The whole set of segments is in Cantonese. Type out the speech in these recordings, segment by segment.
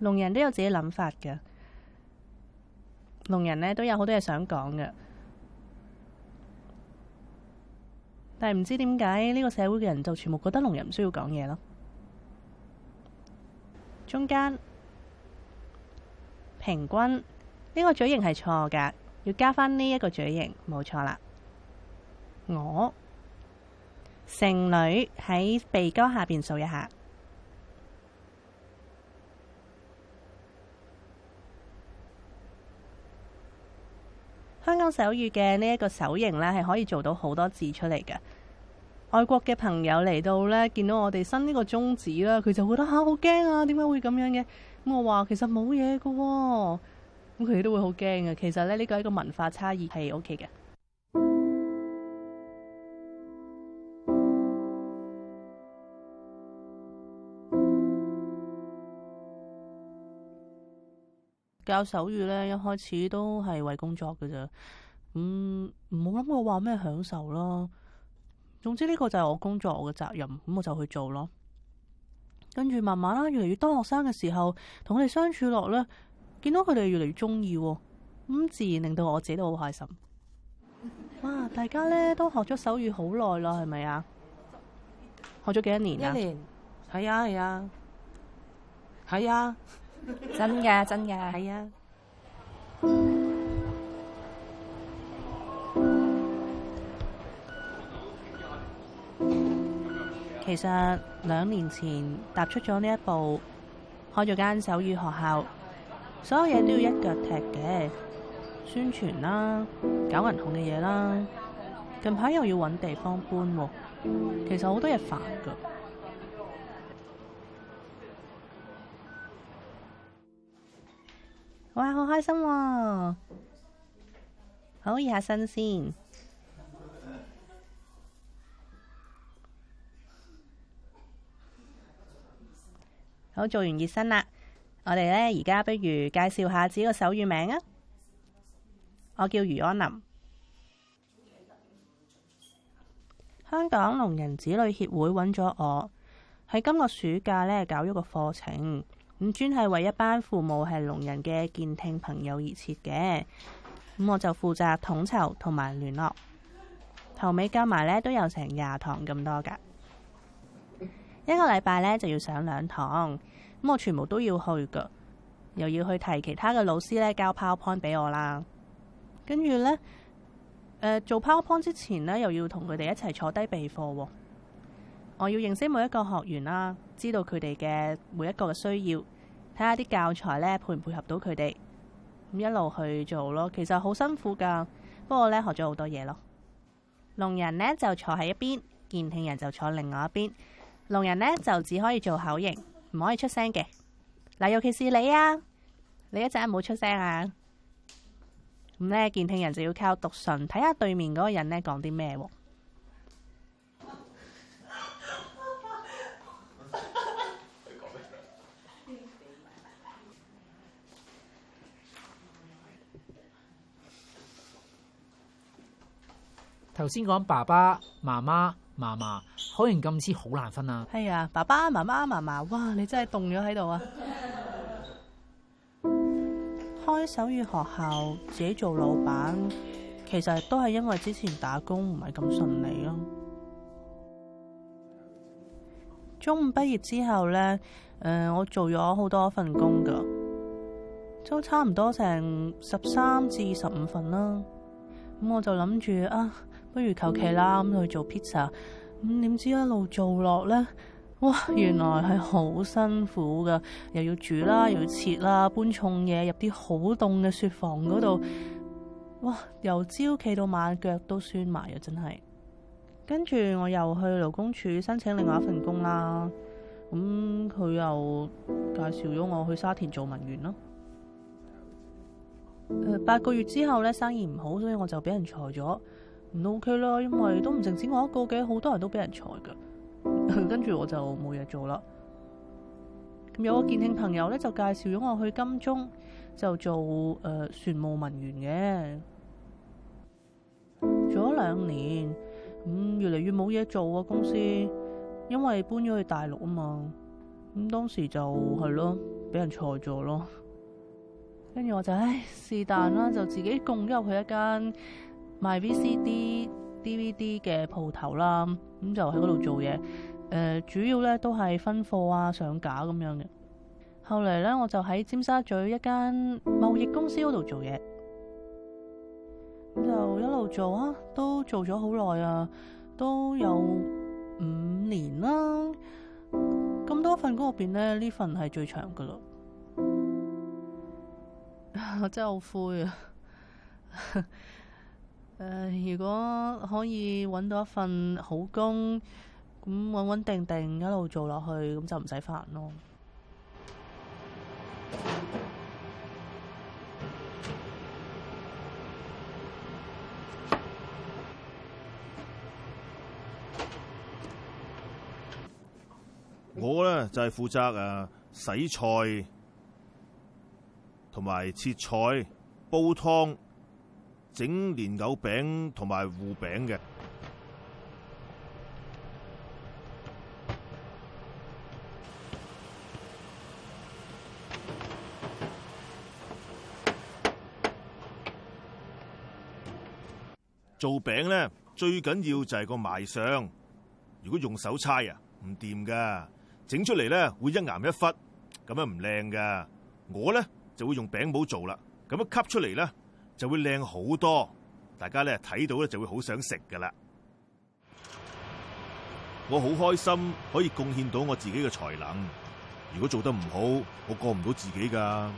聾人都有自己諗法嘅，聾人呢都有好多嘢想講嘅，但係唔知點解呢個社會嘅人就全部覺得聾人唔需要講嘢咯。中間平均呢、這個嘴型係錯嘅，要加翻呢一個嘴型，冇錯啦。我剩女喺鼻哥下面數一下。香港手語嘅呢一個手型咧，係可以做到好多字出嚟嘅。外國嘅朋友嚟到咧，見到我哋伸呢個中指啦，佢就會覺得吓好驚啊！點解，啊，會咁樣嘅？咁我話，其實冇嘢噶，咁佢哋都會好驚啊。其實咧，哦，呢、這個係一個文化差異，係 OK 嘅。教手語咧，一開始都係為工作㗎咋，唔好諗我話咩享受啦。總之呢個就係我工作我嘅責任，咁我就去做咯。跟住慢慢啦，越嚟越多學生嘅時候，同佢哋相處落咧，見到佢哋越嚟越中意，咁自然令到我自己都好開心。哇！大家咧都學咗手語好耐啦，係咪啊？學咗幾多年啊？一年。係啊係啊。係啊。真嘅，真嘅，係啊。 其實兩年前踏出咗呢一步，開咗間手語學校，所有嘢都要一腳踢嘅，宣傳啦，搞銀行嘅嘢啦，近排又要搵地方搬，啊，其實好多嘢煩噶。哇，好開心、啊！好，熱下身先，好，做完熱身啦。我哋呢而家不如介紹下自己個手語名啊。我叫余安琳，香港聾人子女協會揾咗我喺今個暑假呢，搞咗個課程。咁專係為一班父母係聾人嘅健聽朋友而設嘅，咁我就負責統籌同埋聯絡，頭尾加埋咧都有成廿堂咁多噶， 一個禮拜咧就要上兩堂，咁我全部都要去噶，又要去提其他嘅老師咧交 PowerPoint 俾我啦，跟住咧，誒、呃、做 PowerPoint 之前咧又要同佢哋一齊坐低備課、哦。我要認識每一個學員啦，知道佢哋嘅每一個嘅需要，睇下啲教材呢配唔配合到佢哋，咁一路去做咯。其實好辛苦㗎，不過呢，學咗好多嘢咯。聾人呢就坐喺一邊，健聽人就坐另外一邊。聾人呢就只可以做口型，唔可以出聲嘅。嗱，尤其是你啊，你一陣唔好出聲啊。咁呢，健聽人就要靠讀唇，睇下對面嗰個人呢講啲咩喎。頭先講爸爸媽媽、嫲嫲，可容咁先好難分啊！係啊，爸爸媽媽、嫲嫲，哇，你真係凍咗喺度啊！ 開手語學校，自己做老闆，其實都係因為之前打工唔係咁順利咯。中五畢業之後呢，誒、呃，我做咗好多份工噶，都差唔多成十三至十五份啦。咁我就諗住啊。不如求其啦，咁、嗯、去做 pizza，咁點知一路做落呢？哇，原來係好辛苦噶，又要煮啦，嗯、又要切啦，嗯、搬重嘢入啲好凍嘅雪房嗰度，嗯、哇，由朝企到晚，腳都酸埋啊！真係跟住我又去勞工處申請另外一份工啦，咁、嗯、佢又介紹咗我去沙田做文員咯、嗯。八個月之後呢，生意唔好，所以我就俾人裁咗。唔 OK 啦，因為都唔淨止我一個嘅，好多人都俾人裁噶。跟 住我就冇嘢做啦。有個健興朋友咧，就介紹咗我去金鐘就做誒、呃、船務文員嘅，做咗兩年，咁、嗯、越嚟越冇嘢做啊！公司因為搬咗去大陸啊嘛，咁當時就係咯，俾人裁咗咯。跟 住我就唉，是但啦，就自己供咗入去一間賣 VCD、DVD 嘅鋪頭啦，咁就喺嗰度做嘢。誒、呃，主要咧都係分貨啊、上架咁樣嘅。後嚟咧，我就喺尖沙咀一間貿易公司嗰度做嘢，就一路做啊，都做咗好耐啊，都有五年啦、啊。咁多份工入邊咧，呢份係最長噶咯。我真係好灰啊！ 如果可以揾到一份好工，咁穩穩定定一路做落去，咁就唔使煩咯。我呢，就係負責誒洗菜同埋切菜、煲湯。整蓮藕餅同埋芋餅嘅，做餅咧最緊要就係個賣相。如果用手搓啊，唔掂噶，整出嚟咧會一岩一忽，咁樣唔靚噶。我咧就會用餅模做啦，咁樣吸出嚟咧。就會靚好多，大家咧睇到咧就會好想食噶啦。我好開心可以貢獻到我自己嘅才能，如果做得唔好，我過唔到自己噶。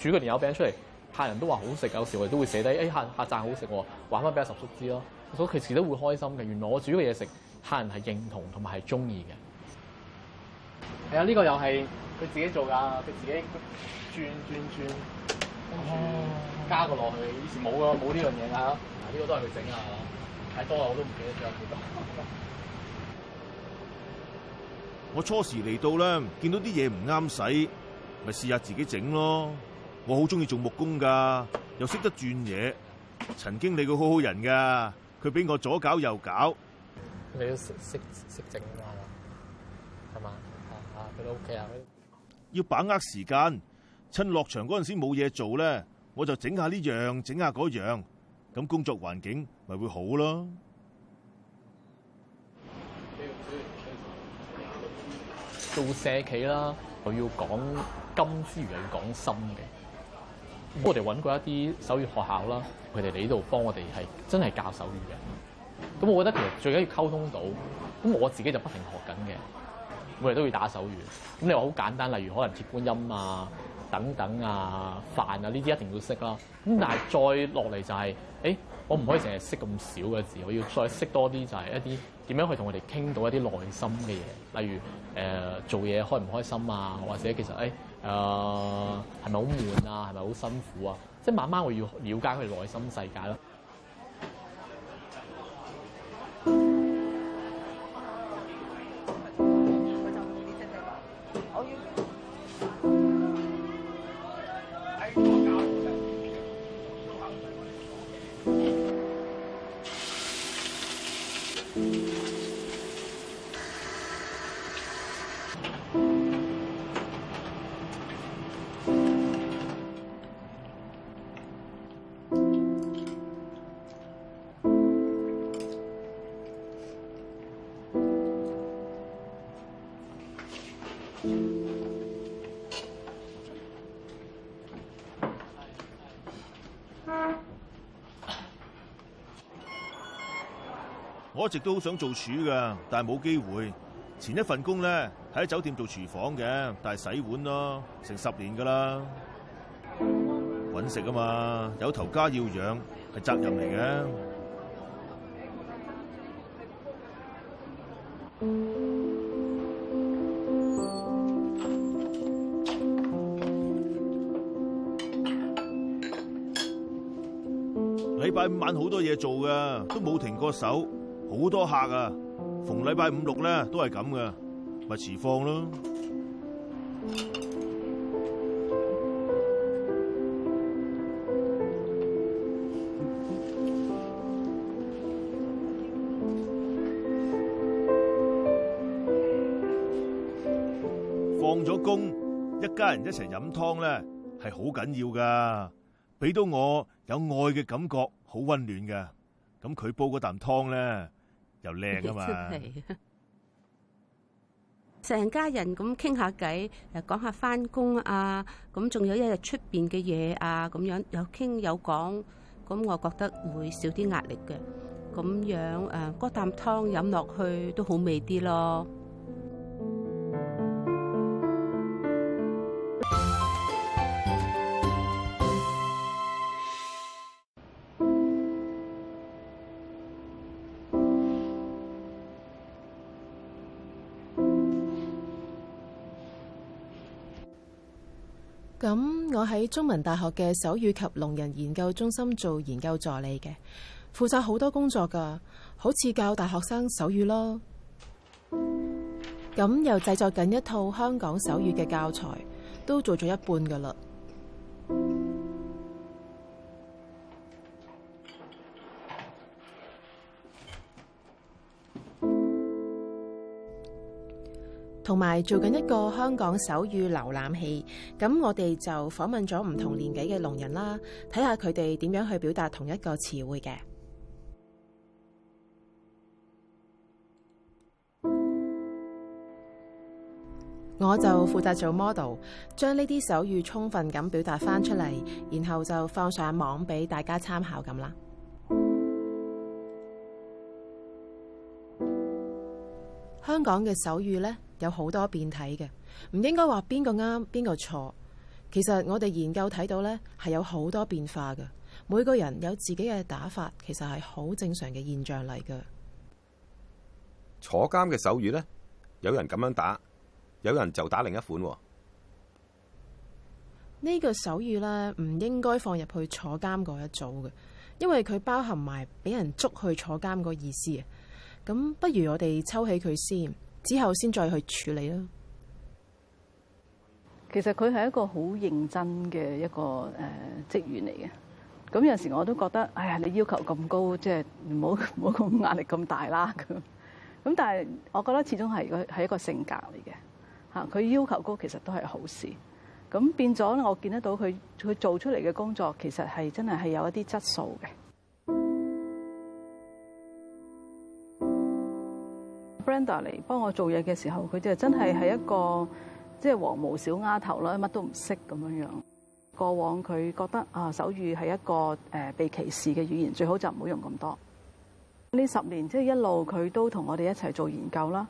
煮個蓮藕餅出嚟，客人都話好、哎哎啊、好食，有時我哋都會寫低，誒客客讚好食，話翻俾阿十叔知咯。我其實都會開心嘅，原來我煮嘅嘢食，客人係認同同埋係中意嘅。係啊！呢個又係佢自己做㗎，佢自己轉轉轉轉加個落去，以前冇㗎，冇呢樣嘢㗎。呢個都係佢整㗎，太多喇，我都唔記得咗幾多。我初時嚟到咧，見到啲嘢唔啱使，咪試下自己整咯。我好中意做木工㗎，又識得轉嘢。曾經理佢好好人㗎，佢俾我左搞右搞。你要識識識整㗎嘛？係嘛？要把握時間，趁落場嗰陣冇嘢做咧，我就整下呢樣，整下嗰樣，咁工作環境咪會好咯。做社企啦，我要講金之餘，要講心嘅。我哋揾過一啲手語學校啦，佢哋嚟呢度幫我哋係真係教手語嘅。咁我覺得其實最緊要溝通到，咁我自己就不停學緊嘅。我哋都會打手語，咁你話好簡單，例如可能鐵觀音啊、等等啊、飯啊呢啲一定要識啦、啊。咁但係再落嚟就係、是，誒、欸，我唔可以淨係識咁少嘅字，我要再識多啲，就係一啲點樣去同我哋傾到一啲內心嘅嘢，例如誒、呃、做嘢開唔開心啊，或者其實誒誒係咪好悶啊，係咪好辛苦啊？即、就、係、是、慢慢我要了解佢內心世界咯。我一直都好想做廚噶，但係冇機會。前一份工咧，喺酒店做廚房嘅，但係洗碗咯，成十年噶啦，搵食啊嘛，有頭家要養，係責任嚟嘅。禮拜 五晚好多嘢做噶，都冇停過手。好多客啊！逢禮拜五六咧都係咁噶，咪遲放咯。 放咗工，一家人一齊飲湯咧，係好緊要噶，俾到我有愛嘅感覺，好溫暖嘅。咁佢煲嗰啖湯咧。又靚啊嘛！成家人咁傾下偈，誒講下翻工啊，咁仲有一日出邊嘅嘢啊，咁樣有傾有講，咁我覺得會少啲壓力嘅。咁樣誒，嗰啖湯飲落去都好味啲咯。喺中文大學嘅手語及聾人研究中心做研究助理嘅，負責好多工作噶，好似教大學生手語咯。咁又製作緊一套香港手語嘅教材，都做咗一半噶啦。同埋做緊一個香港手語瀏覽器，咁我哋就訪問咗唔同年紀嘅聾人啦，睇下佢哋點樣去表達同一個詞彙嘅。我就負責做 model，將呢啲手語充分咁表達翻出嚟，然後就放上網俾大家參考咁啦。香港嘅手語呢。有好多變體嘅，唔應該話邊個啱邊個錯。其實我哋研究睇到呢係有好多變化嘅。每個人有自己嘅打法，其實係好正常嘅現象嚟嘅。坐監嘅手語呢，有人咁樣打，有人就打另一款喎。呢個手語呢，唔應該放入去坐監嗰一組嘅，因為佢包含埋俾人捉去坐監個意思啊。咁不如我哋抽起佢先。之後先再去處理啦。其實佢係一個好認真嘅一個誒職員嚟嘅。咁有陣時我都覺得，哎呀，你要求咁高，即係唔好唔好咁壓力咁大啦。咁咁但係，我覺得始終係佢係一個性格嚟嘅。吓，佢要求高，其實都係好事。咁變咗，我見得到佢佢做出嚟嘅工作，其實係真係係有一啲質素嘅。Brenda 嚟幫我做嘢嘅時候，佢就真係係一個即係、就是、黃毛小丫頭啦，乜都唔識咁樣樣。過往佢覺得啊，手語係一個誒被歧視嘅語言，最好就唔好用咁多。呢十年即係、就是、一路，佢都同我哋一齊做研究啦，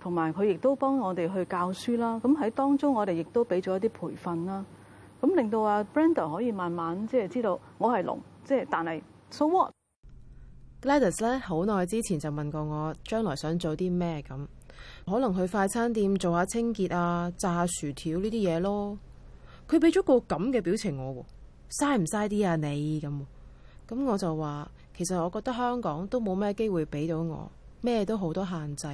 同埋佢亦都幫我哋去教書啦。咁喺當中，我哋亦都俾咗一啲培訓啦。咁令到啊，Brenda 可以慢慢即係知道我係聾，即係但係 So what？Ladders 咧，好耐之前就問過我，將來想做啲咩咁？可能去快餐店做下清潔啊，炸下薯條呢啲嘢咯。佢俾咗個咁嘅表情我，嘥唔嘥啲啊你咁？咁我就話，其實我覺得香港都冇咩機會俾到我，咩都好多限制。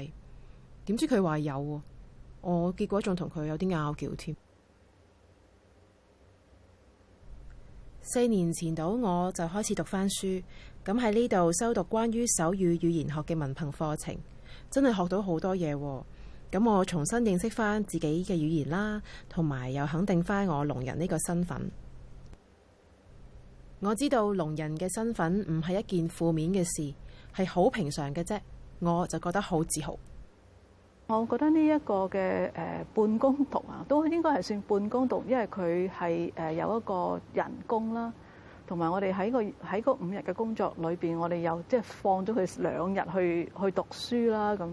點知佢話有，我結果仲同佢有啲拗撬添。四年前到我就開始讀翻書。咁喺呢度修讀關於手語語言學嘅文憑課程，真係學到好多嘢。咁我重新認識翻自己嘅語言啦，同埋又肯定翻我聾人呢個身份。我知道聾人嘅身份唔係一件負面嘅事，係好平常嘅啫，我就覺得好自豪。我覺得呢一個嘅誒、呃、半工讀啊，都應該係算半工讀，因為佢係誒有一個人工啦。同埋我哋喺個喺嗰五日嘅工作裏邊，我哋又即係放咗佢兩日去去讀書啦咁。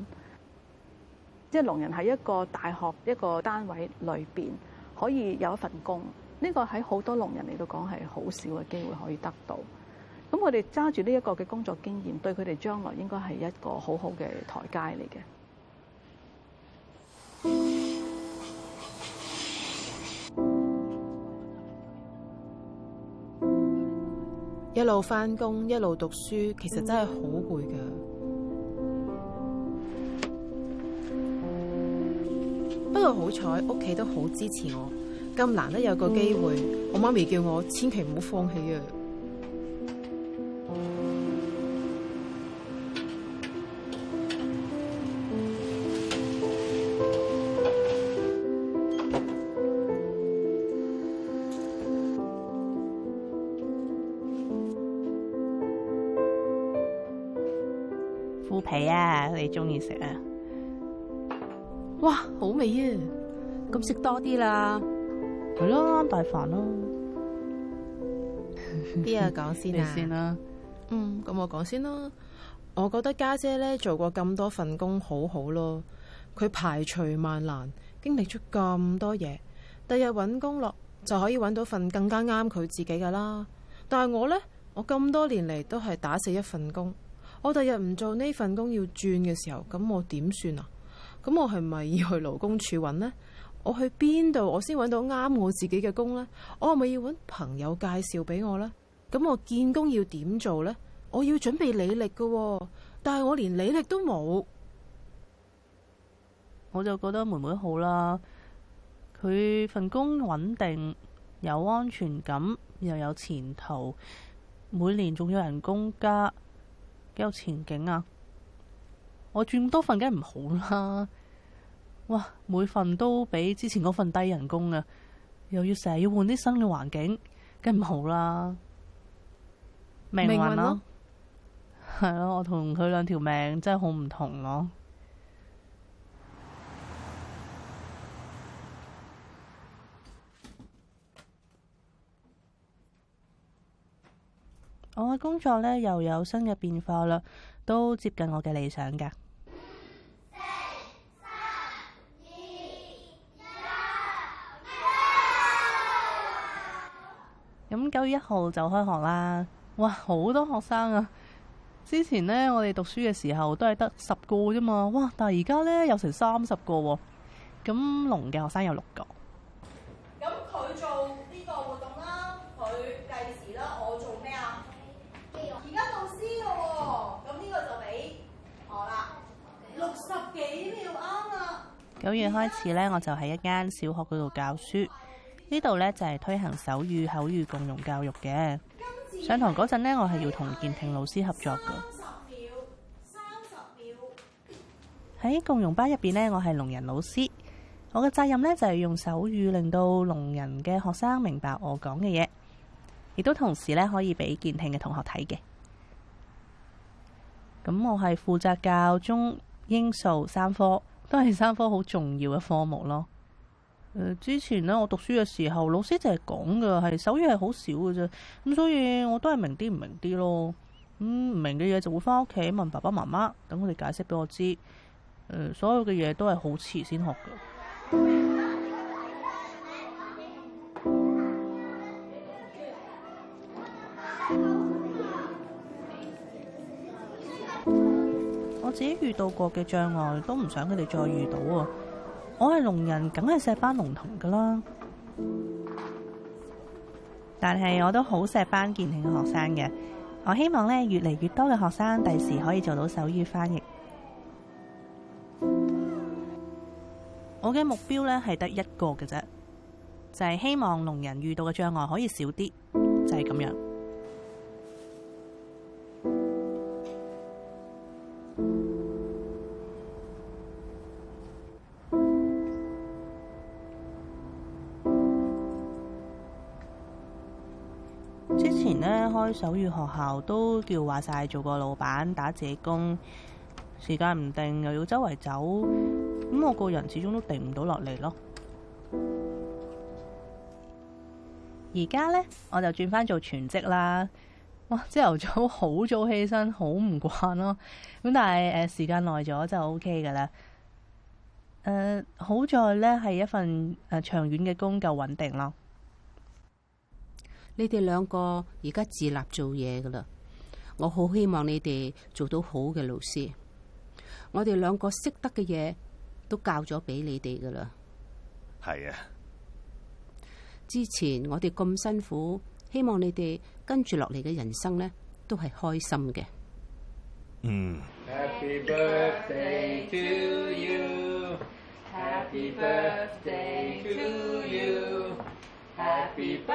即係聾人喺一個大學一個單位裏邊，可以有一份工，呢個喺好多聾人嚟到講係好少嘅機會可以得到。咁我哋揸住呢一個嘅工作經驗，對佢哋將來應該係一個好好嘅台階嚟嘅。一路返工一路讀書，其實真係好攰㗎。嗯、不過好彩屋企都好支持我，咁難得有個機會，嗯、我媽咪叫我千祈唔好放棄啊！皮啊！你中意食啊？哇，好味啊！咁食多啲啦，係咯，大飯咯。邊個講先啊？你先啦！嗯，咁我講先啦。我覺得家姐咧做過咁多份工好，好好咯。佢排除萬難，經歷出咁多嘢，第日搵工落就可以搵到份更加啱佢自己噶啦。但係我咧，我咁多年嚟都係打死一份工。我第日唔做呢份工要轉嘅時候，咁我點算啊？咁我係咪要去勞工處揾呢？我去邊度我先揾到啱我自己嘅工呢？我係咪要揾朋友介紹俾我呢？咁我見工要點做呢？我要準備履歷噶喎，但係我連履歷都冇，我就覺得妹妹好啦，佢份工穩定，有安全感，又有前途，每年仲有人工加。幾有前景啊！我轉多份，梗係唔好啦。哇，每份都比之前嗰份低人工啊，又要成日要換啲新嘅環境，梗係唔好啦。命運咯、啊，係咯、啊啊，我同佢兩條命真係好唔同咯、啊。工作咧又有新嘅變化啦，都接近我嘅理想㗎。五、四、三、二、一。咁九月一號就開學啦，哇，好多學生啊！之前呢，我哋讀書嘅時候都係得十個啫嘛，哇！但係而家呢，有成三十個啊。咁聾嘅學生有六個。九月開始呢，我就喺一間小學嗰度教書。呢度呢，就係推行手語口語共融教育嘅。上堂嗰陣呢，我係要同健聽老師合作嘅。喺共融班入邊呢，我係聾人老師。我嘅責任呢，就係用手語令到聾人嘅學生明白我講嘅嘢，亦都同時呢，可以俾健聽嘅同學睇嘅。咁我係負責教中英數三科。都係三科好重要嘅科目咯。呃，之前咧我讀書嘅時候，老師淨係講㗎，係手語係好少嘅啫。咁所以我都係明啲唔明啲咯。嗯、唔明嘅嘢就會翻屋企問爸爸媽媽，等佢哋解釋俾我知，呃，所有嘅嘢都係好遲先學嘅。自己遇到過嘅障礙，都唔想佢哋再遇到喎。我係聾人，梗係錫班聾童噶啦。但係我都好錫班健聽嘅學生嘅。我希望咧，越嚟越多嘅學生第時可以做到手語翻譯。我嘅目標咧係得一個嘅啫，就係希望聾人遇到嘅障礙可以少啲，就係咁樣。手語學校都叫話晒做個老闆打自己工，時間唔定又要周圍走，咁我個人始終都定唔到落嚟咯。而家咧，我就轉翻做全職啦。哇！朝頭早好早起身、呃 OK 呃，好唔慣咯。咁但係誒時間耐咗就 O K 嘅啦。誒好在咧係一份誒長遠嘅工夠穩定咯。你哋兩個而家自立做嘢噶啦，我好希望你哋做到好嘅老師。我哋兩個識得嘅嘢都教咗俾你哋噶啦。係啊，之前我哋咁辛苦，希望你哋跟住落嚟嘅人生呢都係開心嘅。嗯。Happy birthday to you，Happy birthday to you，Happy birthday。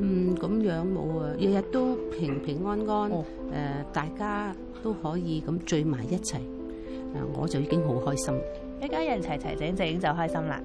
嗯，咁樣冇啊，日日都平平安安，誒、哦呃，大家都可以咁聚埋一齊，啊、呃，我就已經好開心，一家人齊齊整整，整就，就開心啦。